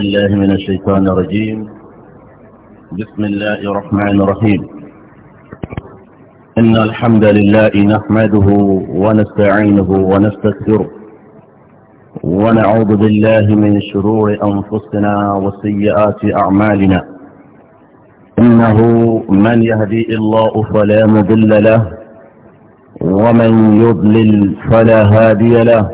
الله من الشيطان الرجيم بسم الله الرحمن الرحيم إن الحمد لله نحمده ونستعينه ونستغفره ونعوذ بالله من شرور أنفسنا وسيئات أعمالنا إنه من يهدي الله فلا مضل له ومن يضلل فلا هادي له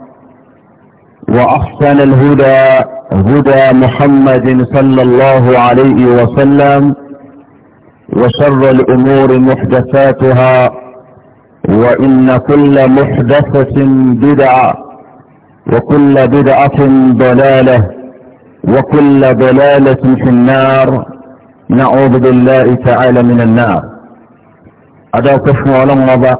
وأحسن الهدى هدى محمد صلى الله عليه وسلم وشر الأمور محدثاتها وإن كل محدثة بدعة وكل بدعة ضلالة وكل ضلالة في النار نعوذ بالله تعالى من النار هذا كفو على الله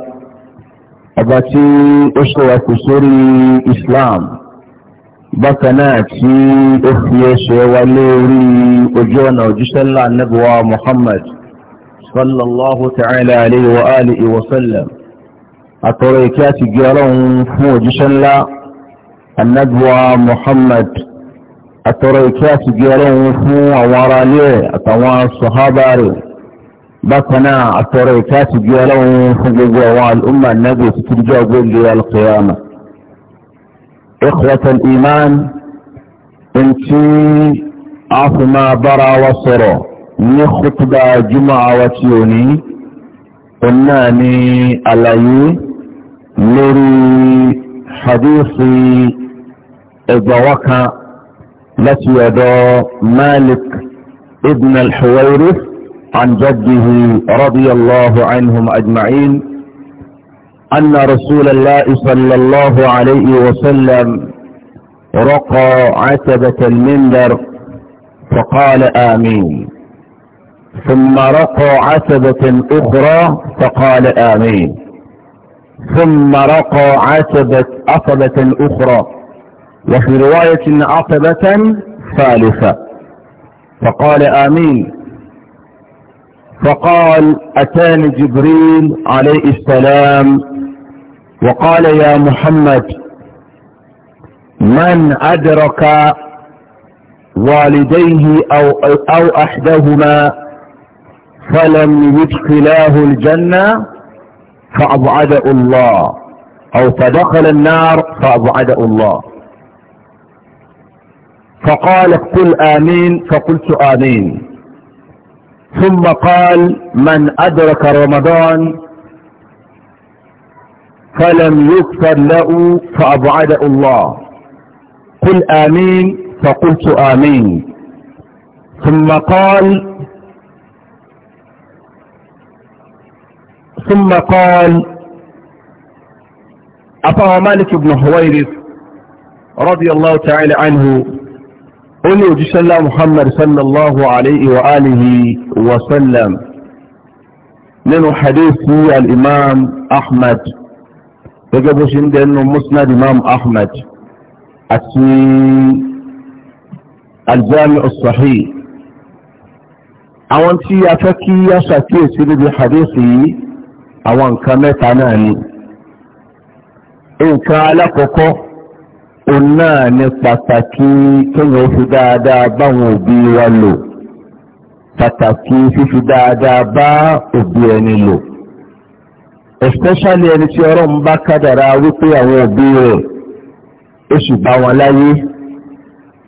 أباتي أسوة سوري إسلام bákan náà tí ó fi ẹsẹ̀ wa lórí ojú ọ̀nà òjíṣẹ́ ńlá anábíwá muhammad sallallahu ta'ala alayhi wa alihi wa sallam àtọ̀rọ̀ ìkí àti gé ọlọ́run fún òjíṣẹ́ ńlá anábíwá muhammad àtọ̀rọ̀ ìkí àti gé ọlọ́run fún àwọn ará ilé àtàwọn sọ̀hábà rẹ̀ bákan náà àtọ̀rọ̀ ìkí àti gé ọlọ́run fún gbogbo àwọn al'umma anábíwá títí díjọ́ gbé lè alqiyama إخوة الإيمان انتي عفما برا وصرا ني جمعة وتيوني قناني علي لري حديثي الزوكا التي يدا مالك ابن الحويرث عن جده رضي الله عنهم أجمعين أن رسول الله صلى الله عليه وسلم رقى عتبة المنبر فقال آمين ثم رقى عتبة أخرى فقال آمين ثم رقى عتبة عتبة أخرى وفي رواية عتبة ثالثة فقال آمين فقال أتاني جبريل عليه السلام وقال يا محمد من أدرك والديه أو, أو أحدهما فلم يدخلاه الجنة فأبعده الله أو فدخل النار فأبعده الله فقال قل آمين فقلت آمين ثم قال من أدرك رمضان فلم يكفر له فأبعده الله قل آمين فقلت آمين ثم قال ثم قال أطاع مالك بن هويرث رضي الله تعالى عنه قل يجيش الله محمد صلى الله عليه وآله وسلم من حديث الإمام أحمد gẹ́gẹ́ bó ṣe ń dẹnu musnad imam ahmad àti aljami as-sahih àwọn tí a fẹ́ kí a ṣàkíyèsí níbi hadith yìí àwọn nǹkan mẹ́ta náà ni nǹkan alákọ̀ọ́kọ́ òun náà ni pàtàkì kéèyàn fi dáadáa báwọn òbí wa lò pàtàkì fífi dáadáa bá òbí ẹni lò especially ẹni tí ọlọ́run bá kádàrá wípé àwọn òbí rẹ̀ ó sì bá wọn láyé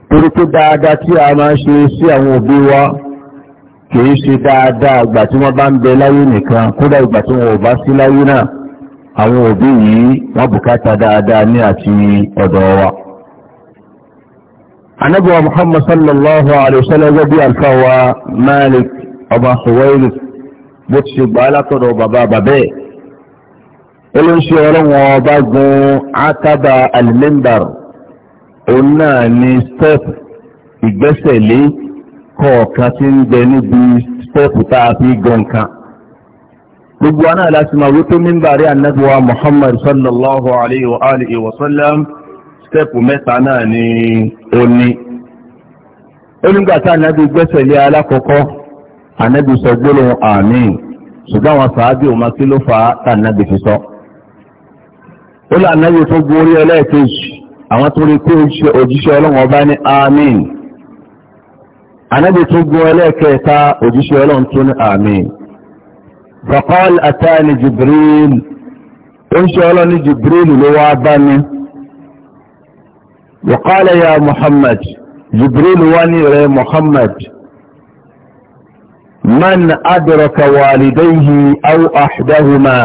torí pé dáadáa tí a máa ń ṣe sí àwọn òbí wa kì ṣe dáadáa ìgbà tí wọ́n bá ń bẹ láyé nìkan kódà ìgbà tí wọn ò bá sí láyé náà àwọn òbí yìí wa. Muhammad sallallahu alayhi wa sallam alfawa Malik ọba Huwaili bó ti ṣe gbà á bàbá olóṣè ọlọ́wọ́n ọba gun akaba alimimbar òun náà ni step ìgbẹ́sẹ̀lé kọ̀ọ̀kan tí ń bẹ níbi step tá a fi gan kan gbogbo aná láti máa wípé mímbàrí annabuwa muhammad sallallahu alaihi wa alihi wa sallam step mẹ́ta náà ni ó ní onígbàtà anábi gbẹ́sẹ̀lé alákọ̀ọ́kọ́ anábi sọ gbólóhùn àmín ṣùgbọ́n àwọn sàábì òun máa kí ló fà á tà anábi fi sọ. So ó lọ ànábì tó gorí ẹlẹ́ẹ̀kejì àwọn tó rí pé òjíṣẹ́ ọlọ́run ọba ní àmín ànábì tó gun ẹlẹ́ẹ̀kẹta òjíṣẹ́ ọlọ́run tó ní àmín faqal atani jibril òjíṣẹ́ ọlọ́run ní jibril ló wá bá mi wa qala ya muhammad jibril wá ní rẹ̀ muhammad man adraka walidayhi aw ahdahuma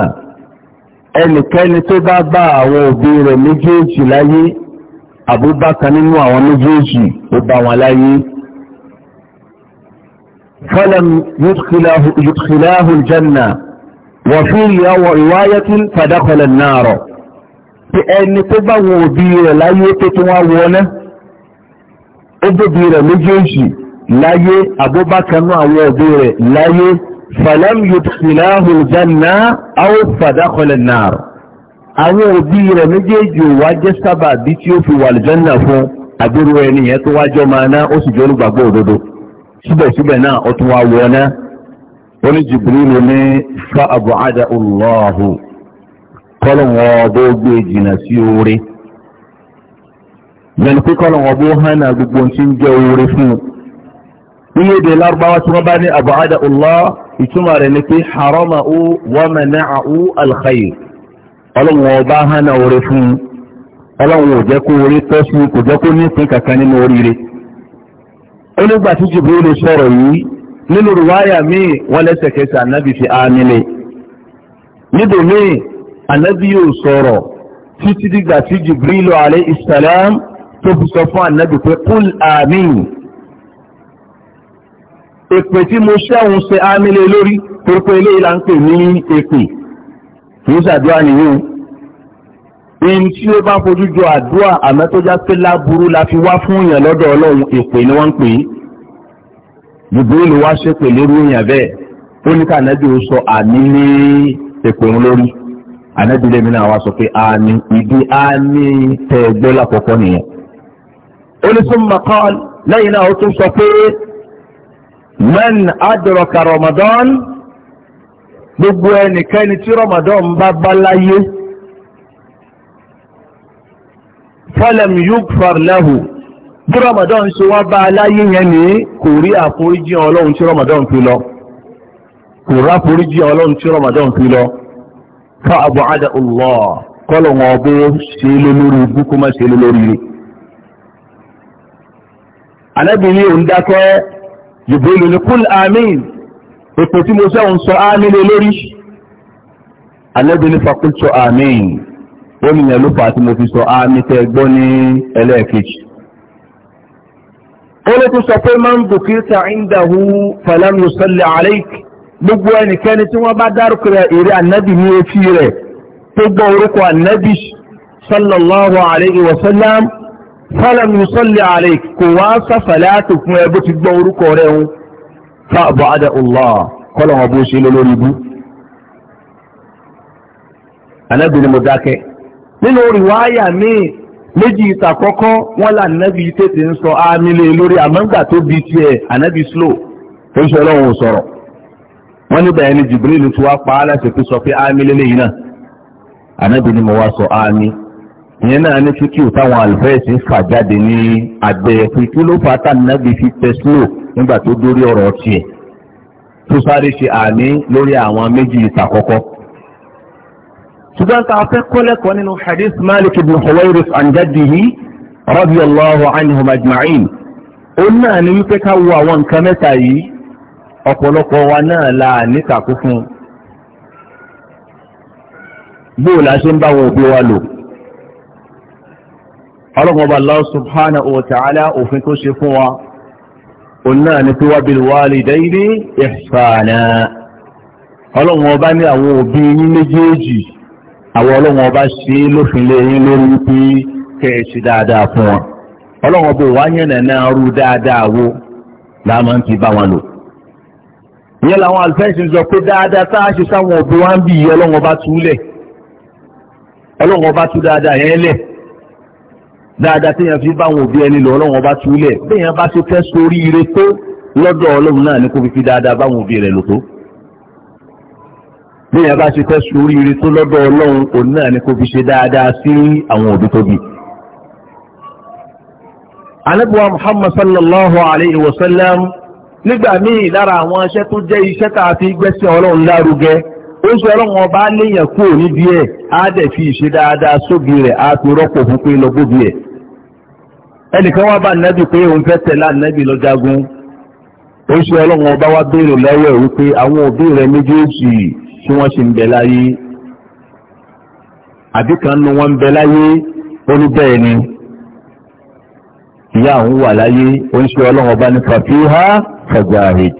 ẹnikẹ́ni tó bá bá àwọn òbí rẹ̀ méjèèjì láyé àbúbákan nínú àwọn méjèèjì ó bá wọn láyé falam yudkhilahu aljanna wa fi riwayatin fadakhala an-nar pé ẹni tó bá wọn òbí rẹ̀ láyé tó tún wá wọná ó bóbi rẹ̀ méjèèjì láyé àbúbákan nínú àwọn òbí rẹ̀ láyé فلم yudkhilahu الجنة أو فدخل النار. nar àwọn òbí rẹ̀ méjèèjì ò wá jẹ́ sábà bí tí ó fi wà aljanna fún àbúrò ẹni yẹn tó wájọ́ máa ná ó sì jẹ́ olùgbàgbọ́ òdodo síbẹ̀síbẹ̀ náà ó tún wá wọ ná oníjìbìrìlù ní fa àbùhádà ọlọ́ọ̀hù kọ́lọ̀wọ́ bó gbé jìnnà sí oore yẹnu pé kọ́lọ̀wọ́ bó hánà gbogbo tí ń jẹ́ oore fún un ní èdè lárúbáwá tí wọ́n bá ní àbùhádà ìtumọ̀ rẹ̀ ni pé harama ó wọ́mẹ̀ náà ó alkhayi ọlọ́run ọba hánà orí fún un ọlọ́run ò jẹ́ kó orí tọ́ sí kò jẹ́ kó nípín kankan nínú oríire ó nígbà tí Jibril sọ̀rọ̀ yìí nínú rúwáyà míì wọ́n lẹ́sẹ̀kẹsẹ̀ ànábì fi ámìlẹ̀ níbo míì ànábì yóò sọ̀rọ̀ títí dìgbà tí Jibril alayhi salam tó fi sọ fún ànábì pé kúl àmín èpè tí mo ṣẹ́hun ṣe ámílé lórí torípé ilé ìlà ń pè ní èpè kìí ṣàdúrà nìyẹn ohun tí ó bá fojú jọ àdúrà àmọ́ pé láburú la fi wá fún èèyàn lọ́dọ̀ ọlọ́run èpè ni wọ́n ń pè é jùbìrìlù wá ṣépè lórí èèyàn bẹ́ẹ̀ ó ní kànáàbí ó sọ àmì ní èpè òun lórí ànábì lèmi náà wá sọ pé àmì ìdí àmì tẹ̀ lákọ̀ọ́kọ́ nìyẹn ó ní sọ́mọ́ kan lẹ́yìn náà ó tún sọ pé man adraka ramadan gbogbo ẹnikẹ́ni tí ramadan bá bá láyé falam yukfar lahu bí ramadan ṣe wá bá láyé yẹn ní kò rí àforíjì ọlọ́run tí ramadan fi lọ kò rí àforíjì ọlọ́run tí ramadan fi lọ fa abu ada allah kọlọ̀ wọn bó ṣe lórí ibú kó má ṣe lórí rẹ̀ alábìnrin òun dákẹ́ yòbólù ní kúl amín èpè tí mo sẹ́wọ̀n sọ amín lórí alẹ́bí ní fakultọ amín ó nìyẹn ló fà á tí mo fi sọ amín tẹ́ gbọ́ ní ẹlẹ́ẹ̀kejì ó ló tún sọ pé máa ń bùkítà ìdáhù fàlámù sọlẹ̀ àlẹ́k gbogbo ẹnikẹ́ni tí wọ́n bá dárúkọ èrè ànábì ní etí rẹ̀ tó gbọ́ orúkọ ànábì sallallahu alayhi wa sallam fọlọ́mù sọ́lẹ̀ àlẹ́ kò wá sáfàlẹ́ àti fún ẹ bó ti gbọ́ orúkọ rẹ̀ ń fa àbọ̀ adà Allah kọ́lọ̀ wọn bó ṣe lórí ibú. anábìrin mo dákẹ́ nínú rìwáyà míì méjì ìtàkọ́kọ́ wọn là nábì tètè ń sọ ámìlè lórí àmọ́ngbà tó bi tiẹ̀ ànábì slow tó ń sọ ọlọ́run sọ̀rọ̀ wọ́n níbẹ̀ ẹni Jibril tí wàá pa á láti fi sọ pé ámìlè lẹ́yìn náà anábìrin mo wá sọ ámì ìyẹn náà ní fíkìú táwọn àlùfẹ́ẹ̀sì ń fà jáde ní abẹ́ fíkìú ló fà tá nàbí fi tẹ́sílò nígbà tó dórí ọ̀rọ̀ tiẹ̀ tó sáré ṣe àní lórí àwọn méjì ìtàkọ́kọ́. ṣùgbọ́n tá a fẹ́ kọ́lẹ́kọ̀ọ́ nínú hadith malik ibn huwayrith an jaddihi radiyallahu anhum ajma'in ó náà ní wípé ká wo àwọn nǹkan mẹ́ta yìí ọ̀pọ̀lọpọ̀ wa náà la níkàkú fún bóòlù ọlọ́run ọba Allah subhanahu wa ta'ala òfin tó ṣe fún wa òun náà ni pé wa bil walidayni ihsana ọlọ́run ọba ní àwọn òbí yín méjèèjì àwọn ọlọ́run ọba ṣe lófin lé yín lórí pé kẹ́ ẹ ṣe dáadáa fún wọn ọlọ́run ọba òwá yẹn nàá rú dáadáa wo láàmú ti bá wọn lò ìyẹn làwọn alifẹ́sìn sọ pé dáadáa tá a ṣe sáwọn òbí wa ń bí ọlọ́run ọba túlẹ̀ ọlọ́run ọba dáadáa yẹn lẹ̀ dáadáa téèyàn fi bá àwọn òbí ẹni lọ ọlọ́run ọba túlẹ̀ béèyàn bá ṣe fẹ́ sórí ire tó lọ́dọ̀ ọlọ́run náà ni kò fi fi dáadáa bá àwọn òbí rẹ̀ lò tó béèyàn bá ṣe fẹ́ sórí ire tó lọ́dọ̀ ọlọ́run òun náà ni kò fi ṣe dáadáa sí àwọn òbí tóbi. anábùwà muhammad sallallahu alayhi wa sallam nígbà míì lára àwọn iṣẹ́ tó jẹ́ iṣẹ́ tá a fi gbẹ́sẹ̀ ọlọ́run lárugẹ ó sọ ọlọ́run ọba léèyàn kúrò níbi ẹ̀ á dẹ̀ fi ìṣe dáadáa sóbi rẹ̀ á fi rọ́pò fún pé lọ bóbi ẹ̀ ẹnìkan wá bá nẹ́bì pé òun fẹ́ tẹ̀lé nnebi lọ jagun oṣù ọlọ́run ọba wa béèrè lọ́wọ́ ẹ̀ wípé àwọn òbí rẹ méjèèjì tí wọ́n ṣì ń bẹ láyé àbí kan nu wọn ń bẹ láyé ó ní ni ìyá òun wà láyé oṣù ọlọ́run ọba ní fàfihà fàjáhìd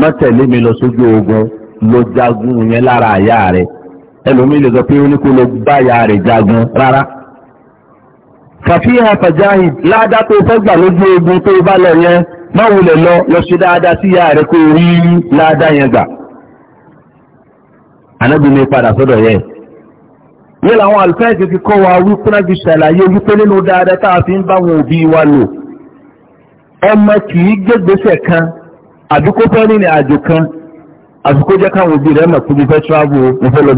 má tẹ̀lé mi lọ sójú ogun lọ jagun yẹn lára àyà rẹ sọ pé ó ní kó lọ jagun rárá. kàfíhà fàjáhìn ládá tó fẹ́gbà lójú ogun tó bá lọ yẹn máa wulẹ̀ lọ lọ ṣe dáadáa sí ìyá rẹ̀ kó rí ládá yẹn gbà anábìnrin padà sọ́dọ̀ yẹn ní làwọn àlùfáàjì fi kọ́ wa wípé náà fi ṣàlàyé wípé nínú dáadáa tá a fi ń bá wọn òbí wa lò ọmọ kì í gbégbèsè kan àdúgbò fẹ́ nínú àjò kan àfikó jẹ́ káwọn òbí rẹ̀ mọ̀ pé mo fẹ́ travel mo fẹ́ lọ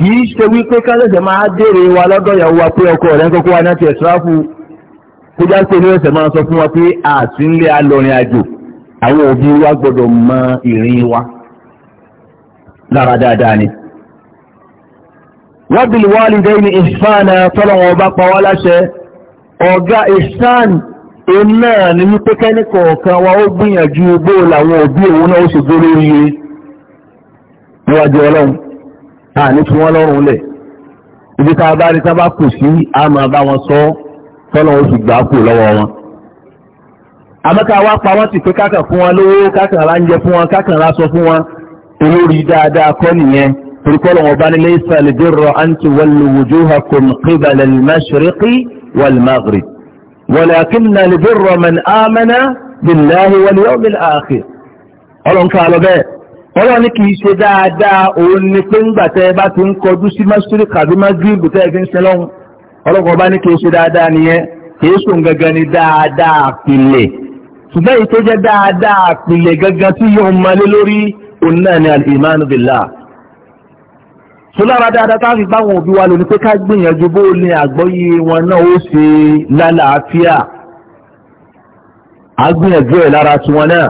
kì í ṣe wípé kálẹ̀sẹ̀ máa dèrè wa lọ́dọ̀ ìyàwó wa pé ọkọ rẹ̀ kọ́kọ́ wa náà ti ẹ̀sìráfù kó já sí ilé ẹ̀sẹ̀ sọ fún wa pé àti ń alọrin àjò àwọn òbí wa gbọ́dọ̀ mọ ìrìn wa lára dáadáa ni. wali dẹ́yìn ìsán ọba pa wá láṣẹ ọ̀gá ìsán iná wa ó gbìyànjú òbí òun náà ó ṣe a ní fi wọ́n lọ́rùn lẹ̀ ibi tá a bá rí sábà kù sí a máa bá wọn sọ tọ́lọ̀ oṣù gbà kù lọ́wọ́ wọn. àbẹ́ká wa pa wọ́n ti pé kákan fún wọn lówó kákan ra ń jẹ fún wọn kákan ra sọ fún wọn olórí dáadáa kọ́ nìyẹn torí kọ́ bá ní laysa al-birra an tuwallu wujuhakum qibala al-mashriqi wal-maghrib walakinna al-birra man amana billahi wal-yawmil akhir ọlọ́nkà lọ ọlọ́run ní kì í ṣe dáadáa òun ni pé ńgbà tẹ́ ẹ bá ti ń kọjú sí mọ́sítírì kàbí mọ́gírìbù tẹ́ ẹ fi ń sin lọ́hùn ọlọ́run ọba ní kì í ṣe dáadáa nìyẹn kì í sùn gangan ni dáadáa àpilẹ̀ ṣùgbọ́n èyí tó jẹ́ dáadáa àpilẹ̀ gangan tí yóò máa lé lórí òun náà ni al-imanu sọlára dáadáa táwọn ìgbà wọn òbí wa lò ní pé ká gbìyànjú bó ni àgbọ́yé wọn náà ó ṣe lálàáfíà á gbìyànjú ẹ̀ lára tiwọn náà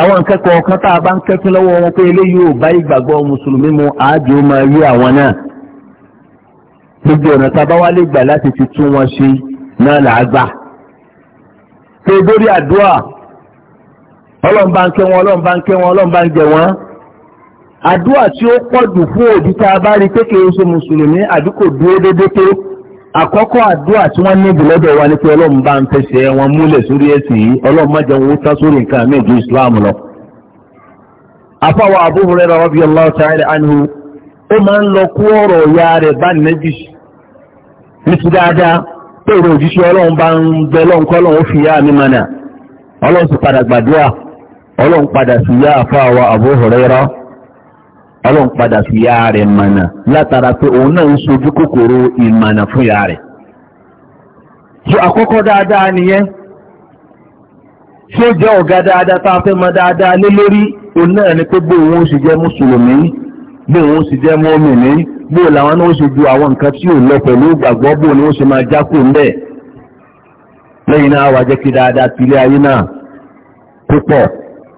àwọn akẹ́kọ̀ọ́ kan tá a bá ń kẹ́kún lọ́wọ́ wọn pé eléyìí ò bá ìgbàgbọ́ mùsùlùmí mu àájò máa yí àwọn náà gbogbo ọ̀nà tá a bá wá lè gbà láti fi tún wọn ṣe náà là á gbà. pé dórí àdúrà ọlọ́run bá ń kẹ́ wọn ọlọ́run bá ń kẹ́ wọn ọlọ́run bá ń jẹ wọ́n. àdúrà tí ó pọ̀ jù fún òbí tá a bá rí pé ṣe mùsùlùmí àdúkò dúró déédéé tó àkọ́kọ́ àdúrà tí wọ́n níbi lọ́dọ̀ wa ni pé ọlọ́run bá ń fẹsẹ̀ wọn múlẹ̀ sórí ẹ̀sìn yìí ọlọ́run má jẹun sórí nǹkan àmì ìjọ islam lọ. afáwọn Abu Hurairah radiyallahu ta'ala anhu ó máa ń lọ kú ọ̀rọ̀ ìyá rẹ̀ bá nẹ́bí ní ti dáadáa pé èrò òjíṣẹ́ ọlọ́run bá ń bẹ ó fi yá ọlọ́run padà fi ya rẹ̀ mọ̀nà látara pé òun náà ń sojú kòkòrò ìmọ̀nà fún ya rẹ̀. so àkọ́kọ́ dáadáa nìyẹn tí jẹ́ ọ̀gá dáadáa tá a fẹ́ mọ dáadáa lé lórí òun náà ni pé bó òun ó sì jẹ́ mùsùlùmí bó òun ó sì jẹ́ mọ́mìnì bó làwọn náà ó sì ju àwọn nǹkan tí ò lọ pẹ̀lú ìgbàgbọ́ bó ni ó sì máa jákò ń bẹ̀ lẹ́yìn náà wàá jẹ́ kí dáadáa tilé ayé náà púpọ̀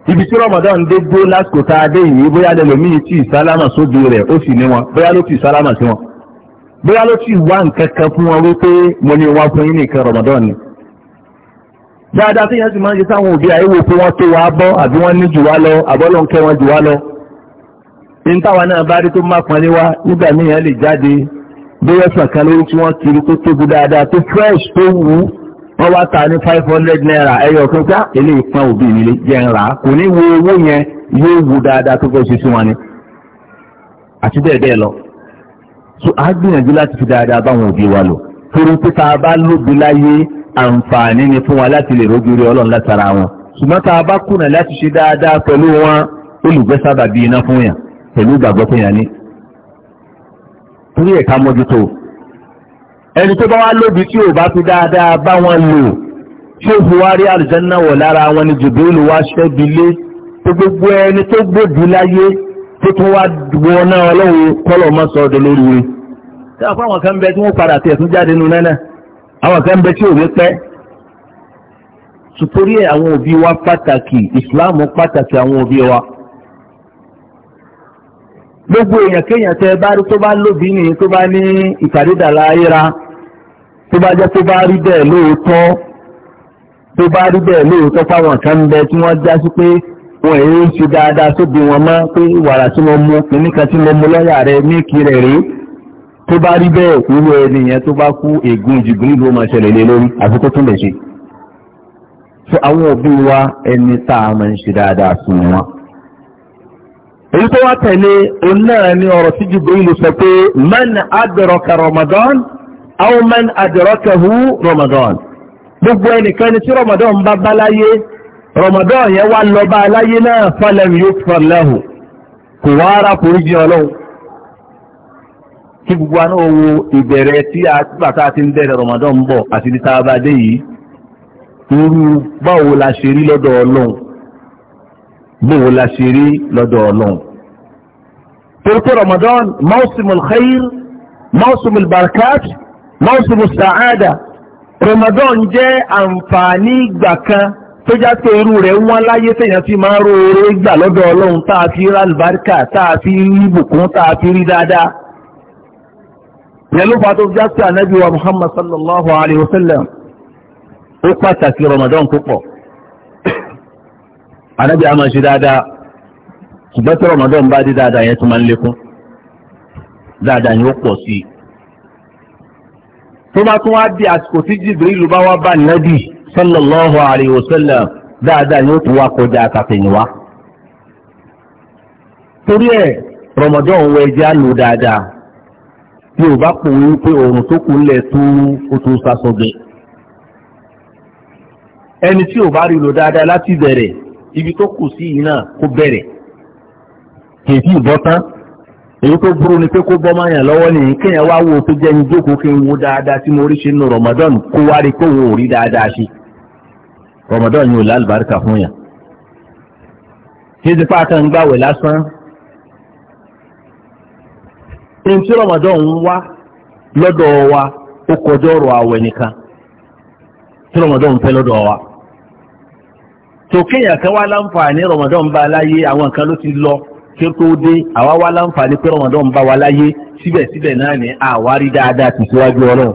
ibi tí Ramadan dé dó lásìkò tá a dé yìí bóyá lẹlòmíì tí ìsálámà sóbi rẹ̀ ó sì ní wọn bóyá ló ti ìsálámà sí wọn bóyá ló ti wá nǹkan kan fún wọn wípé mo ní wá fún yín nìkan Ramadan ni. dáadáa tí yẹn ti máa ń ṣe sáwọn òbí àyẹ̀wò pé wọ́n tó wàá bọ́ àbí wọ́n ní jù wá lọ àbọ́lọ́ ń kẹ́ wọn jù wá lọ. ní táwa náà bá rí tó má pọn níwá nígbà míì yẹn lè jáde bóyá sàn kan lórí tí wọ́n kiri tó tóbi dáadáa tó fresh tó wù ú wọ́n wá ta ní five naira ẹyọ kan já ilé ìpọn òbí mi jẹ́ ń rà á kò ní wo owó yẹn yóò wu dáadáa tó fẹ́ ṣe sí wọn ni àti bẹ́ẹ̀ bẹ́ẹ̀ lọ so a gbìyànjú láti fi dáadáa báwọn òbí wa lò torí pé tá a bá lóbi láyé àǹfààní ni fún wa láti lè rógiri ọlọ́run látara wọn ṣùgbọ́n tá a bá kùnà láti ṣe dáadáa pẹ̀lú wọn olùgbé iná fún yàn pẹ̀lú ìgbàgbọ́ ẹni tó bá wá lóbi tí ò bá fi dáadáa bá wọn lò tí ó fi wá rí àlùjánnà wọ̀ lára wọn ni jùbìlù wá ṣẹ́bilé tó gbogbo ẹni tó gbòdì láyé tó tún wá wọná ọlọ́run kọ́lọ̀ mọ́ sọ ọdọ lórí rẹ̀. tí a fáwọn kan bẹ tí wọ́n padà tẹ̀ tún jáde nínú náà àwọn kan bẹ tí ò ní pẹ́. sùpórí àwọn òbí wa pàtàkì ìsìláàmù pàtàkì àwọn òbí wa. gbogbo èèyàn kéèyàn tẹ bá rí tó bá lóbi nìyí tó bá ní ìpàdé dàlá ayéra tó bá jẹ́ tó bá rí bẹ́ẹ̀ lóòótọ́ tó bá rí bẹ́ẹ̀ lóòótọ́ fáwọn kan ń bẹ tí wọ́n já sí pé wọn èyí ń ṣe dáadáa sóbi wọn mọ́ pé wàrà tí mo mu kìíní kan tí mo mu lọ́yà rẹ ní kiri rèé tó bá rí bẹ́ẹ̀ irú ẹnìyẹn tó bá kú ègún ìjìgún ìlú ọmọ ṣẹlẹ̀ lé lórí àti tó lè ṣe. so àwọn òbí wa ẹni tá a máa ń ṣe dáadáa fún wọn. èyí tó wá tẹ̀lé òun ni ọ̀rọ̀ tí jìgún ìlú sọ pé man adraka Ramadan aw man adrakahu Ramadan gbogbo ẹnìkan ni tí Ramadan bá bá láyé Ramadan yẹn wá lọ bá láyé náà falam yughfar lahu kò wá ara foríjì ọlọ́run kí gbogbo àná owó ìbẹ̀rẹ̀ tí a bàtà ti ń bẹ̀rẹ̀ Ramadan ń bọ̀ àti ní sábà dé yìí irú báwo la ṣe rí lọ́dọ̀ ọlọ́run báwo la ṣe rí lọ́dọ̀ ọlọ́run torí pé Ramadan mawsimul khair mawsimul barakat mọ́sùlù sàádà Ramadan jẹ́ àǹfààní ìgbà kan tó já pé irú rẹ̀ wọ́n láyé tẹ̀yàn fi máa ń lọ́dọ̀ ọlọ́run a fi rí àlùbáríkà a fi rí fi rí dáadáa. já wa Muhammad sallallahu alayhi wa sallam ó pàtàkì Ramadan púpọ̀. anabi a máa ṣe dáadáa Ramadan bá dé dáadáa yẹn tó máa ń lékún dáadáa tó bá tún wá di àsìkò tí Jibril bá wá bá nàbì sallallahu alayhi wa sallam dáadáa yóò tún wá kọjá àtàtẹ̀yìnwá. torí ẹ̀ Ramadan wọ ẹjẹ́ àlò dáadáa bí o bá pòun pé oòrùn tó kù lẹ̀ tó o tó sasọ̀gbẹ̀. ẹni tí o bá rí lò dáadáa láti bẹ̀rẹ̀ ibi tó kù sí yìí náà kó bẹ̀rẹ̀ kèéfì ìbọ́tán èyí tó burú ni pé kó bọ́ máa yàn lọ́wọ́ nìyí kéèyàn wá wo pé jẹ́ ní jókòó kí n wo dáadáa tí mo rí ṣe nínú Ramadan kó wá rí pé wo rí dáadáa ṣe Ramadan yóò lálùbáríkà fún yàn. títí pàtàkì ń gbàwẹ̀ lásán ẹni tí Ramadan ń wá lọ́dọ̀ wa ó kọjọ́ ọ̀rọ̀ àwẹ̀ nìkan tí Ramadan ń fẹ́ lọ́dọ̀ wa. tó kéèyàn kan láǹfààní Ramadan bá láyé àwọn kan ló ti lọ kí tó dé àwa wá láǹfààní pé rọmọdọ́ ń bá wa láyé síbẹ̀síbẹ̀ náà ni àwárí dáadáa ti síwájú ọlọ́run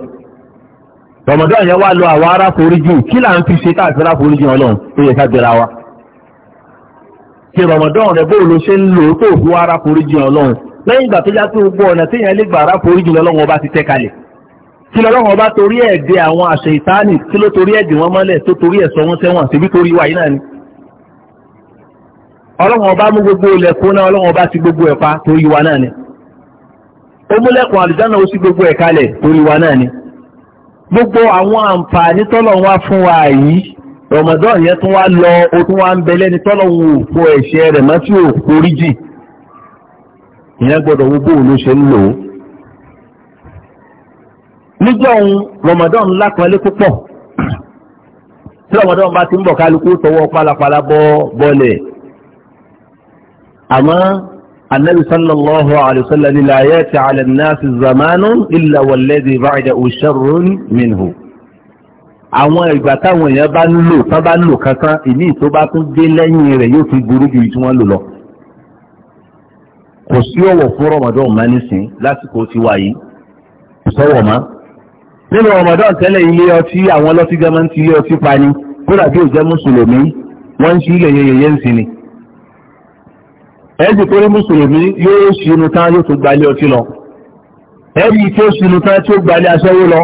rọmọdọ́ yẹn wá lọ àwa ará foríjì kí là ń fi ṣe káàkiri àforíjì ọlọ́run tó yẹ ká gbéra wa ṣe rọmọdọ́ rẹ bó ló ṣe ń lò tó fún ará foríjì ọlọ́run lẹ́yìn ìgbà tó já sí gbogbo ọ̀nà tí yẹn lè gbà ará foríjì ọlọ́run ọba ti tẹ́ kalẹ̀ kí lọ́lọ́run ọba torí ẹ̀ dè àwọn àṣẹ ìtaánì kí ló torí ẹ̀ dè wọ́n mọ́lẹ̀ tó ọlọ́wọ̀n ọba mú gbogbo ilẹ̀kùn náà ọlọ́run ọba ti gbogbo ẹ̀ pa torí náà ni ó múlẹ̀kùn àlùjáná ó sì gbogbo náà gbogbo àwọn àǹfààní tọ́lọ́run wá fún wa yìí Ramadan yẹn tún wá lọ o tún wá ń bẹ lẹ́ni tọ́lọ́run ò fọ rẹ̀ tí jì ìyẹn wo ṣe ń lò ó níjọ́ òun أما anabi صلى الله عليه sallam لا la على الناس زمان إلا والذي walladhi شر منه. minhu. àwọn ìgbà táwọn èèyàn bá ń lò tán bá ń lò kankan ìní tó bá tún dé lẹ́yìn rẹ̀ yóò fi burú ju tí wọ́n lò lọ. kò sí ọ̀wọ̀ fún rọmọdún ọ̀ma nísìn lásìkò tí wà yìí kò sọ̀wọ̀ mọ́. nínú rọmọdún tẹ́lẹ̀ ilé ọtí àwọn ọlọ́tí ti ilé ọtí pa ni kódà bí ò mùsùlùmí wọ́n ń ṣí ilẹ̀ yẹyẹ ń sin ni ẹ̀ẹ́dì tó rí mùsùlùmí yóò ṣinú tán yóò tó gbalé ọtí lọ ẹ̀rí tí ó ṣinú tán tí ó gbalé aṣẹ́wó lọ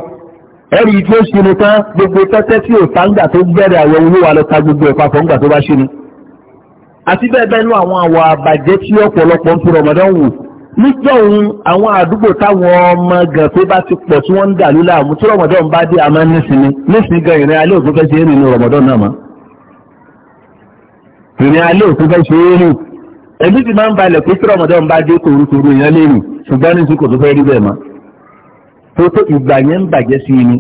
ẹ̀rí tí ó ṣinú tán gbogbo tẹ́tẹ́ tí ò táǹgbà tó gbẹ̀rẹ̀ àwọn olúwa lọ ta gbogbo ìpapọ̀ ńgbà tó bá ṣinú. àti bẹ́ẹ̀ bẹ́ẹ̀ ní àwọn àwọ̀ àbàjẹ́ tí ọ̀pọ̀lọpọ̀ ń fi rọ̀mọ́dán wò níjọ́ òun àwọn àdúgbò táwọn ọmọ gan tó bá ti pọ̀ tí wọ́n ń dà lílà ẹbí ti máa ń balẹ̀ pé tí rọmọdọ́n bá dé kòrókòrò èèyàn lérò ṣùgbọ́n ní sùkò tó fẹ́ rí bẹ́ẹ̀ mọ́ tó ìgbà yẹn ń bàjẹ́ sí ni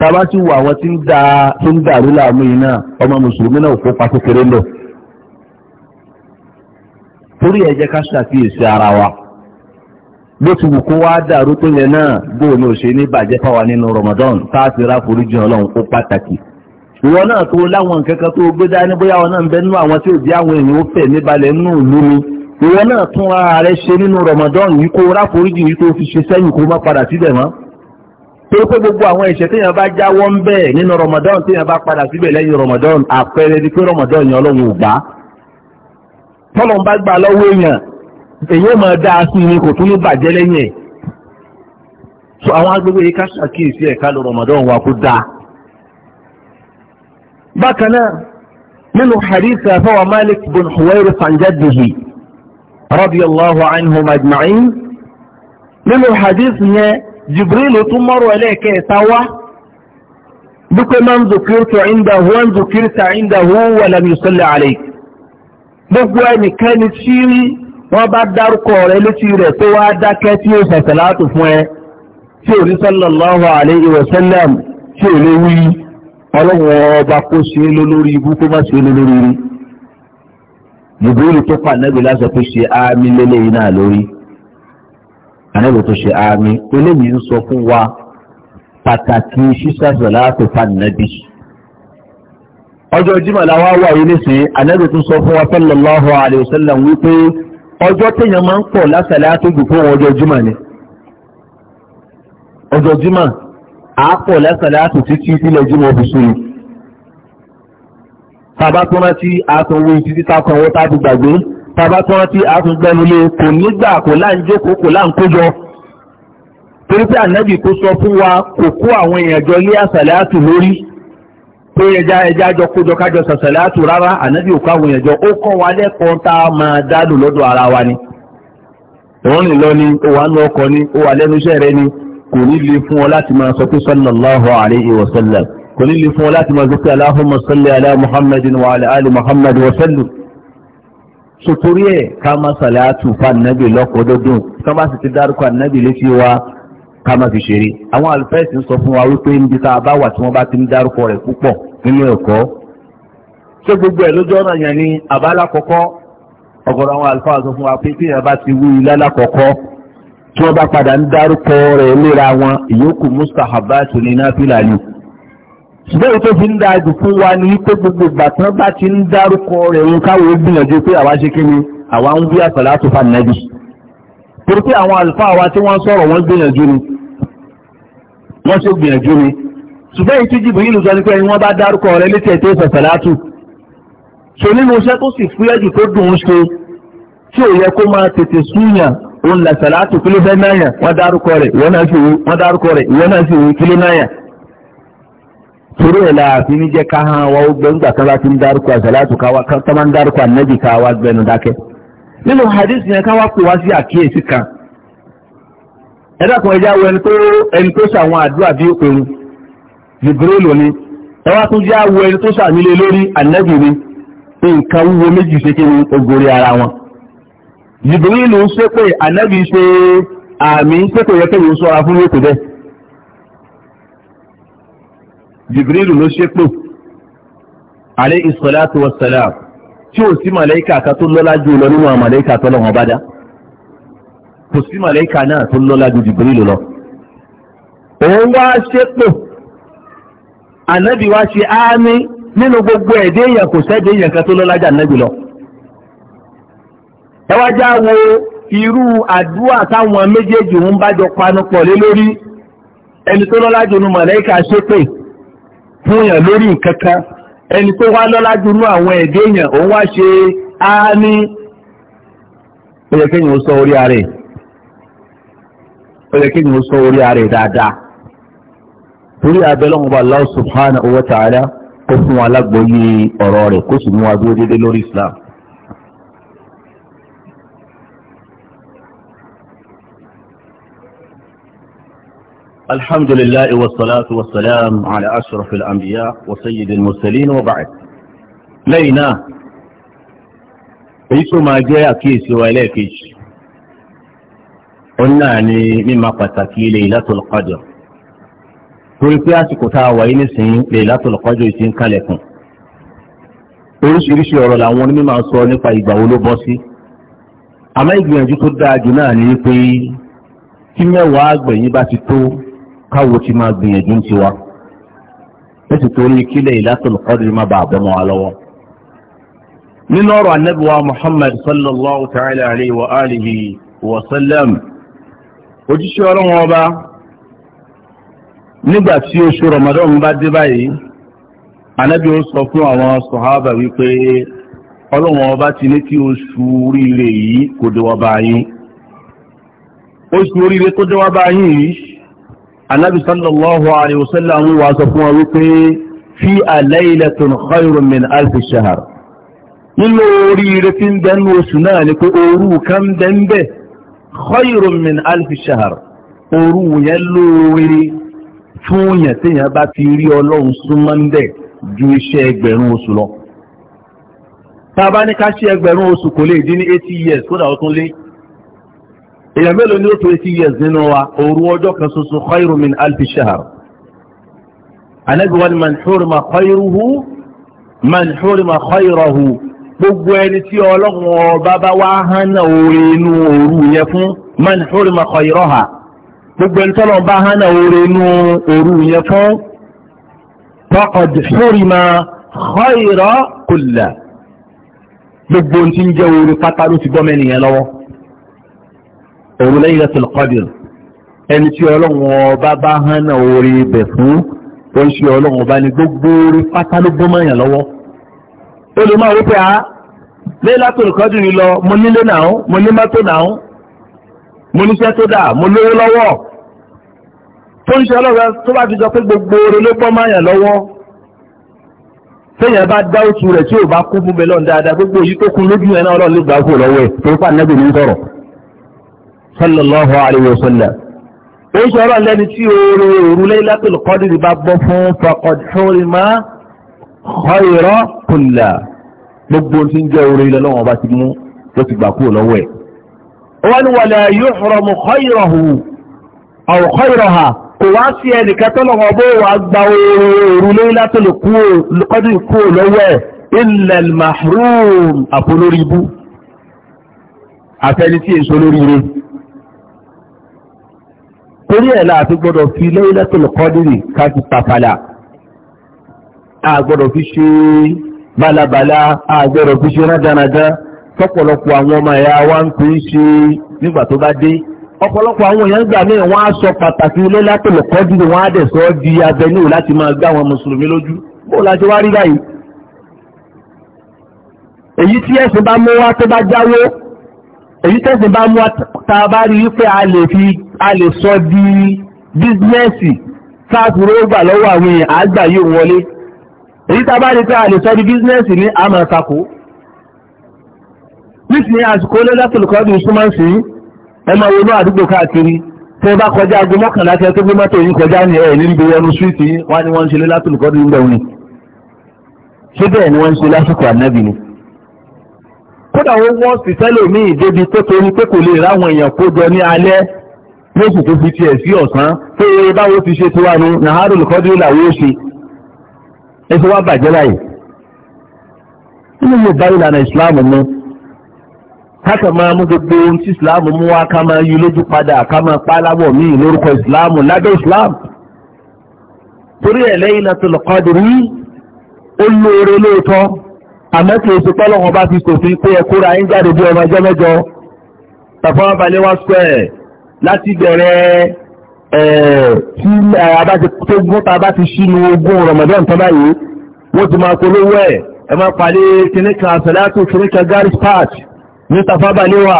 tábà tí wọ àwọn tí ń da tó ń dàrú láàmú yìí náà ọmọ mùsùlùmí náà kó pa kékeré lọ torí ẹ jẹ́ ká ṣàkíyèsí ara wa bó ti wù kó wá dàrú tó yẹn náà bóun ò ṣe ní bàjẹ́ fáwa nínú rọmọdọ́n tá a ti rá foríjì ọlọ́run ó pàtàkì ìwọ náà tó láwọn nǹkan kan tó gbé dání bóyá ọ náà ń bẹ nínú àwọn tí ò jẹ́ àwọn èèyàn ó fẹ̀ níbalẹ̀ nínú ìlú mi ìwọ náà tún ara rẹ ṣe nínú Ramadan yìí kó ráforíjì yìí tó fi ṣe sẹ́yìn kó má padà síbẹ̀ mọ́ torí pé gbogbo àwọn ẹ̀ṣẹ̀ téèyàn bá jáwọ́ ń bẹ̀ nínú Ramadan téèyàn bá padà síbẹ̀ lẹ́yìn Ramadan àpẹẹrẹ ni pé Ramadan yẹn Ọlọ́run ò gbà tọ́lọ́n bá gbà lọ́wọ́ èèyàn èyí ò máa dáa sí ni kò tún ní bàjẹ́ lẹ́yìn ẹ̀ so àwọn agbègbè yìí ká ṣàkíyèsí ẹ̀ka lọ Ramadan wa kó dáa bákan náà nínú hadith àfọwà malik bin huwairi sanjadihi radiyallahu anhu majma'in nínú hadith yẹn jibril tún mọ́rọ̀ ẹlẹ́ẹ̀kẹta wá dúpẹ́ máa ń zùkírtù ìndà hu ń zùkírtù ìndà hu wà lam yusalli alayk gbogbo ẹnikẹ́ni tí wọ́n bá dárúkọ rẹ̀ létí rẹ̀ tó wá dákẹ́ tí ó sàtàlátù fún ẹ tí ò ní sallallahu alayhi wa sallam tí ò lè wí ọlọ́wọ́ ọba kó ṣe é lólórí ibú kó má ṣe é lólórí rí jìbìrì tó pa ànábì lásán tó ṣe áámi lélẹ́yìn náà lórí ànábì tó ṣe áámi eléyìí ń sọ fún wa pàtàkì ṣíṣàṣọ láti fa nàbì. ọjọ́ jimá làwọn wà yìí nísìnyí ànábì tó sọ fún wa sallallahu alayhi wa sallam wípé ọjọ́ téèyàn máa ń pọ̀ lásàlẹ̀ àtúndì fún ọjọ́ jimá ni ọjọ́ jimá àápọ̀ lẹ́sàn láti títí sílẹ̀ jùmọ̀ bùsùn yìí tàbá tó rántí àtúnwò títí tákan owó tábí gbàgbé tàbá tó rántí àtúngbẹ́nulé kò nígbà kò láǹjókòó kò láǹkójọ torí pé ànábì tó sọ fún wa kò kó àwọn èèyàn jọ lé àsàlátù lórí pé ẹja ẹja jọ kójọ kájọ sàsàlátù rárá ànábì ò kó àwọn èèyàn jọ ó kọ́ wa lẹ́kọ̀ọ́ tá a máa dálò lọ́dọ̀ ara wa ni òun nìlọ ni ó wà nú ọkọ̀ ni ó wà lẹ́nu iṣẹ́ rẹ ni kò ní lè fún ọ láti máa sọ pé sallallahu alayhi wa sallam kò ní lè fún ọ láti máa sọ pé allahumma salli ala muhammadin wa ala ali muhammad wa sallu sotori ẹ ká má sàlátù fa nàbì lọ́kọ̀ọ́dọ́dún ká má sì ti dárúkọ ànábì létí wa ká má fi ṣeré àwọn alifẹ́sì ń sọ fún wa wípé níbi tá bá wà tí wọ́n bá ti ń dárúkọ rẹ̀ púpọ̀ nínú ẹ̀kọ́ ṣé gbogbo ẹ̀ lójú ọ̀nà yẹn ni àbá alákọ̀ọ́kọ́ ọ̀gọ̀rọ̀ àwọn alifáà sọ fún wa pé tí tí wọ́n bá padà ń dárúkọ rẹ̀ léra wọn ìyókù mustahabatu ní náfìlà ni. ṣùgbọ́n tó fi ń da jù fún wa ní pé gbogbo ìgbà tí wọ́n bá ti ń dárúkọ rẹ̀ ń káwọ́ gbìyànjú pé àwa ṣe kíni àwa ń wí àsàlátù fún nàbì. torí pé àwọn àlùfáà wa tí wọ́n sọ̀rọ̀ wọ́n gbìyànjú ni wọ́n ṣe gbìyànjú ni. ṣùgbọ́n èyí tí jìbù yìí lùsọ ni pé wọ́n bá dárúkọ rẹ̀ létí ẹ̀ tó sàsàlátù. so nínú iṣẹ́ tó òun là sàlátù kí ló fẹ́ náà yàn wọ́n dárúkọ rẹ̀ ìwọ náà sì wí wọ́n dárúkọ rẹ̀ ìwọ náà sì wí kí ló náà yàn. la àfi ní jẹ́ ká hàn wá ó gbẹ́ ńgbà kan bá ti ń dárúkọ sàlátù ká wá ń dárúkọ ànábì ká wá gbẹnu dákẹ́. nínú hadith yẹn ká wá pè wá sí àkíyèsí kan ẹ̀dàkùn ẹja wo ẹni tó ṣàwọn àdúrà bí òun Jibrilu ni ẹwà tó já wo ẹni tó ṣàmìlẹ̀ lórí ànábì ni nǹkan wúwo méjì ṣe ni ogori ara wọn jìbìrìlù ń ṣépè ànábì ṣe àmì ń ṣépè yẹ kéwòn sọ́ra fún yóò bẹ́ẹ̀ jìbìrìlù ló ṣépè alẹ́ ìsọ̀láàtù wọ̀sálàm tí ò sí màlẹ́kà kan tó lọ́lá ju lọ nínú àmàlẹ́kà tó lọ́wọ́ bá dá kò sí màlẹ́kà náà tó lọ́lá ju jìbìrìlù lọ. òun wá ṣépè ànábì wá ṣe àmì nínú gbogbo ẹ̀dẹ́ èèyàn kò sẹ́dẹ̀ èèyàn kan tó lọ́lá ju ànábì lọ ẹ wá já wo irú àdúrà táwọn méjèèjì ń bájọ panupọ̀ lé lórí ẹni tó lọ́lá jù nù mọ̀lẹ́kà ṣépè fún yàn lórí nǹkan kan ẹni tó wá lọ́lá jù nù àwọn ẹ̀dẹ́ èèyàn òun wá ṣe á ní ó yẹ kéèyàn ó sọ orí ara ẹ̀ ó yẹ sọ orí ara dáadáa torí abẹ́lọ́hùn bá Allah subhanahu wa ta'ala kó fún wa lágbóyè ọ̀rọ̀ rẹ̀ kó sì mú wa dúró déédéé lórí Islam. الحمد لله والصلاة والسلام على أشرف الأنبياء وسيد المرسلين وبعد لينا èyí máa jẹ́ àkíyèsí wa ẹlẹ́ẹ̀kejì òun náà ni mímọ̀ pàtàkì Laylatul Qadr torí pé àsìkò tá a wà yìí nísìnyí Laylatul Qadr ti ń kalẹ̀kùn oríṣiríṣi ọ̀rọ̀ làwọn onímọ̀ sọ nípa ìgbà wo ló bọ́ sí àmọ́ ìgbìyànjú tó dáa jù náà ni pé kí mẹ́wàá àgbẹ̀yìn bá ti tó káwo ti máa gbìyànjú tiwa ó sì torí kílẹ̀ ìlàtọ̀lù kọ́dìrì má bàa bọ́ mọ́ wa lọ́wọ́. nínú ọ̀rọ̀ anábìwá muhammad sallallahu ta'ala alayhi wa alihi wa sallam ojúṣe ọlọ́wọ́n ọba nígbà tí oṣù ramadan bá dé báyìí anábì ó sọ fún àwọn sọ̀hábà wípé ọlọ́wọ́n ọba ti ní kí oṣù oríire yìí kò dé wá báyìí oṣù oríire kó dé wá báyìí yìí anábì sallallahu alayhi wa sallam wà sọ fún wa wípé fi alaylatun khayrun min alfi shahar nínú oríire tí ń dẹnu oṣù náà ni pé òru kan dẹ́ńbẹ̀ khayrun min alfi shahar òru yẹn lóore fún yẹn tí yẹn bá ti rí ọlọ́run súnmọ́ ń bẹ̀ ju iṣẹ́ ẹgbẹ̀rún oṣù lọ tá a bá ní ká ṣe ẹgbẹ̀rún oṣù kò lè dín 80 years kódà ó tún lé èèyàn mélòó ni ó tó eighty years nínú wa òru ọjọ́ kan ṣoṣo khairu min alfi shahar anagbawa ni man hurima khairuhu man hurima khairahu gbogbo ẹni tí ọlọ́run ọba bá wá hánà oore inú òru yẹn fún man hurima khairaha gbogbo ẹni tọ́lọ̀ bá hánà oore inú òru yẹn fún faqad hurima khaira kulla gbogbo ohun ń jẹ́ oore pátá ló ti bọ́ mẹ́nìyàn lọ́wọ́ òun Laylatul Qadr ẹni tí ọlọ́run ọba bá hánà orí ibẹ̀ fún ó ń ṣe ọlọ́run ọba ní gbogbo orí pátá ló gbọ́n mọ̀yàn lọ́wọ́ ó lè máa wípé a Laylatul Qadr lọ mo nílé náà mo ní mọ́tò náà mo níṣẹ́ tó dà mo lówó lọ́wọ́ tó ń ṣe ọlọ́run tó bá ti jọ pé gbogbo orí ló gbọ́n mọ̀yàn lọ́wọ́ téèyàn bá dá òtù rẹ̀ tí ò bá kú fún bẹ́lọ́n dáadáa gbogbo yìí sallallahu alayhi wa sallam ó ń sọ̀rọ̀ lẹ́ni tí oore òru Laylatul Qadr bá bọ́ fún faqad hurima khayra kulla gbogbo tí ń jẹ́ oore ilẹ̀ lọ́wọ́ bá ti mú ló ti gbà kúrò lọ́wọ́ ẹ̀ wọ́n ni wala yuhramu khayrahu aw khayraha kò wá sí ẹnìkan tó lọ́wọ́ bó wà gba òru Laylatul Qadr kúrò lọ́wọ́ ẹ̀ illa al-mahrum àpolórí ibú àfẹni tí èso lórí rẹ̀ torí ẹ̀ láti gbọ́dọ̀ fi Laylatul Qadri káàkì pàpàlà àgbọ́dọ̀ fi ṣe bálabàlá àgbọ́dọ̀ fi ṣe rádaràdá tọ́pọ̀lọpọ̀ àwọn ọmọ ẹ̀yà wa ń pè é ṣe nígbà tó bá dé ọ̀pọ̀lọpọ̀ àwọn èèyàn gbà míì wọ́n á sọ pàtàkì Laylatul Qadri wọ́n á dẹ̀ sọ di abẹ́níwò láti máa gbá àwọn mùsùlùmí lójú bó la ti wá rí báyìí èyí tí ẹ̀sìn bá mú wá tó bá jáwó èyí tẹ́sí bá mú ta bá rí wípé a lè fi a lè sọ di bísínẹ́sì káàkiri ó gbà lọ́wọ́ àwọn èèyàn àgbà yóò wọlé èyí tá bá rí pé a lè sọ di bísínẹ́sì ní àmà àtakò nísìnyí àsìkò lẹ́dàtòlùkọ́ bí súnmọ́ sí ẹ máa wọnú àdúgbò káàkiri tẹ́ bá kọjá aago mọ́kànlá kẹ́ tó gbé mọ́tò yìí kọjá ní ẹ̀ ní ẹnu súwìtì wá ní wọ́n ń ṣe lẹ́dàtòlùkọ́ bí ń bẹ̀rù ni ṣé bẹ́ẹ̀ ni wọ́n ń ṣe lásìkò ànábì ni kódà ó wọ́n sì tẹ́lòmíì débi tó torí pé kò lè ráwọn èèyàn kó jọ ní alẹ́ lóṣù tó fi tiẹ̀ sí ọ̀sán pé báwo ti ṣe tiwa nu nàhárù lùkọ́dúró làwọn ó ṣe ẹ fi wá bàjẹ́ báyìí nínú ìlànà ìsìláàmù mu máa mú gbogbo ohun tí ìsìláàmù mú ká máa yí lójú padà ká máa pa aláwọ̀ lórúkọ àmọ́ kìí ṣe pé Ọlọ́run bá fi ṣòfin pé ẹkúra yín jáde bí ọmọ ẹjọ́ mẹ́jọ perform balẹ̀ one square láti bẹ̀rẹ̀ tí abájẹ tó gún ta bá ti ṣínú ogún Ramadan tó báyìí wọ́n ti máa polówó ẹ̀ ẹ máa pàdé kìnníkan àṣàlátò kìnníkan garage park ní tafabalẹ̀ wà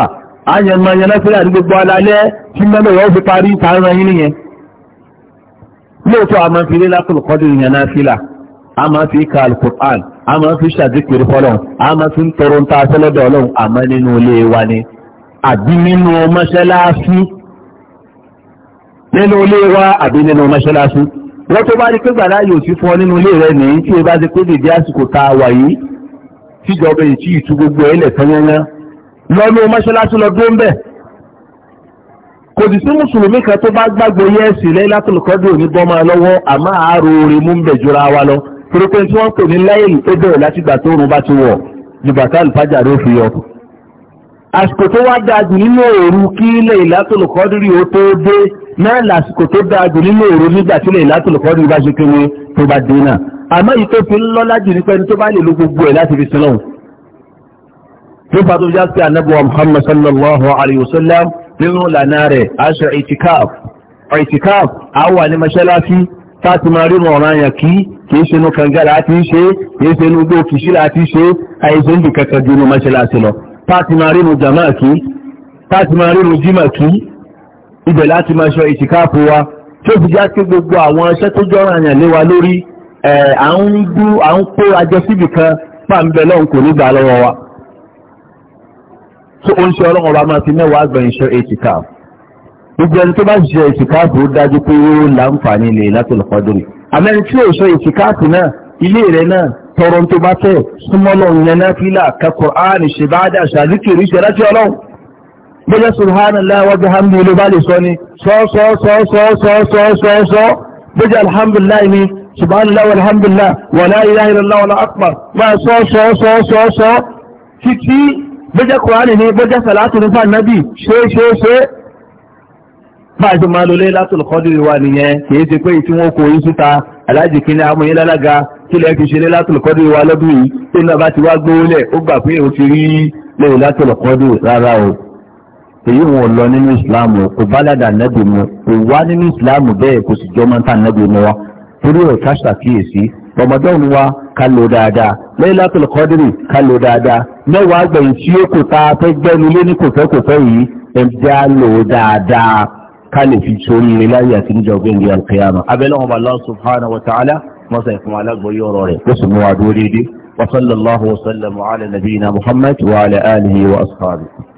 àyàn máa yan lọ́sílẹ̀ àti gbogbo alalẹ́ tí mẹ́lẹ̀ wọ́n fi parí ìtàrán yín nìyẹn lóòótọ́ a máa fi lé lákòlùkọ́dù ìyànnáfílà a máa fi ka a máa fi ṣàdíkiri fọ́lọ́n a máa fi ń tọrọ ń ta aṣẹ́lẹ́dọ̀ ọlọ́run àmọ́ nínú ilé wa ni àbí nínú mọ́ṣáláṣí nínú ilé wa àbí nínú mọ́ṣáláṣí wọ́n tó bá rí pé gbàdá yóò ti fọ́ nínú ilé rẹ̀ nìyí tí o bá ti pé dèdè àsìkò tá a wà yìí tíjọba èyí tí ìtú gbogbo ẹ̀ lẹ̀ tán yányá lọ́nu mọ́ṣáláṣí lọ dúró ń bẹ̀ kò sì sí mùsùlùmí kan tó bá gbàgbé yẹ́ẹ̀sì lẹ́yìn látòlùkọ́dún torí pé tí wọ́n pè ní lẹ́yìn tó bẹ̀rẹ̀ látìgbà tó oòrùn bá ti wọ̀ nígbà tá àlùfájà ló fi yọ. àsìkò tó wá dáa jù nínú òru kí Laylatul Qadri ó tó dé náà làsìkò tó dáa jù nínú òru nígbà tí Laylatul Qadri bá ṣe kéwé tó bá dé náà àmọ́ yìí tó fi ń lọ́lá jù nípa ẹni tó bá lè lo gbogbo ẹ̀ láti fi sinú táti máa rí ọ̀ràn àyàn kí kìí ṣe inú kàngára àti ṣe kìí ṣe inú igbó kìṣílà àti ṣe àìṣe ń bì kankan ju inú mọ́ṣáláṣí lọ táti máa rí nu jàmáà kí táti máa rí nu jímà kí ibẹ̀ láti máa ṣọ ìtìkáàpù wa tí ó fi já sí gbogbo àwọn iṣẹ́ tó jọ́ àyàn lé wa lórí à ń dú à ń kó ajọ síbì kan pàǹbẹ̀ lọ́hùn kò ní gbà lọ́wọ́ wa. tó oúnjẹ ọlọ́run ọba máa fi mẹ́wàá àgbà ìṣọ ìtìkáàpù gbogbo ẹni tó bá ṣe ìsìkáàfù ó dájú pé ó láǹfààní ilẹ̀ látò lọ́kọ́dúnrì àmẹ́ni tí ò sọ ìsìkáàfù náà ilé rẹ̀ náà tọrọ tó bá fẹ́ súnmọ́lọ́ ìyẹnà fílà kakọ̀ áàrùn ṣèbáàdà ṣàdíkìrì ṣẹlá tí ọlọ́run bóyá subhanallah wa bihamdi ló bá lè sọ ni sọ́ọ́sọ́ọ́sọ́ọ́sọ́ọ́sọ́ bóyá alhamdulillah ni subhanallah walhamdulillah wa la ilaha illallah wallahu akbar máa sọ́ọ́sọ́ọ́sọ́ọ́sọ́ títí bóyá kùránì ni bóyá sàlátì nípa nábì ṣe báyìí máa lólé látòlùkọ́dìrì wa nìyẹn kìí ṣe pé tí wọ́n kò yí síta aláàjì kí ní amóyín lálága kí lẹ́ fi ṣe lé látòlùkọ́dìrì wa lọ́dún yìí tí náà bá ti wá gbówólẹ̀ ó gbà pé òun ti rí lẹ́yìn látòlùkọ́dìrì rárá o èyí wọn ò lọ nínú ìsìláàmù kò bá ládàá nẹ́bì mu kò wá nínú ìsìláàmù bẹ́ẹ̀ kò sì jọmọ́ tá nẹ́bì mu wa torí ẹ̀ ká ṣàkíyèsí rọmọdọ́n wa ká lò dáadáa lẹ́yìn látòlùkọ́dìrì ká lò dáadáa mẹ́wàá gbẹ̀yìn tí ó kò ta fẹ́ gbẹ́nu lé ní kòfẹ́kòfẹ́ yìí ẹ̀ ń lò dáadáa ká lè fi sórí rẹ láyé àti níjà ògbìn ìgbé alqiyama abẹ́lẹ́ wọn bá Allah subhanahu wa ta'ala mọ́sá ìfún alágbóyè ọ̀rọ̀ rẹ̀ kó sì mú wa dúró déédéé wa sallallahu wa ala nabiyina muhammad wa ala alihi wa ashabihi.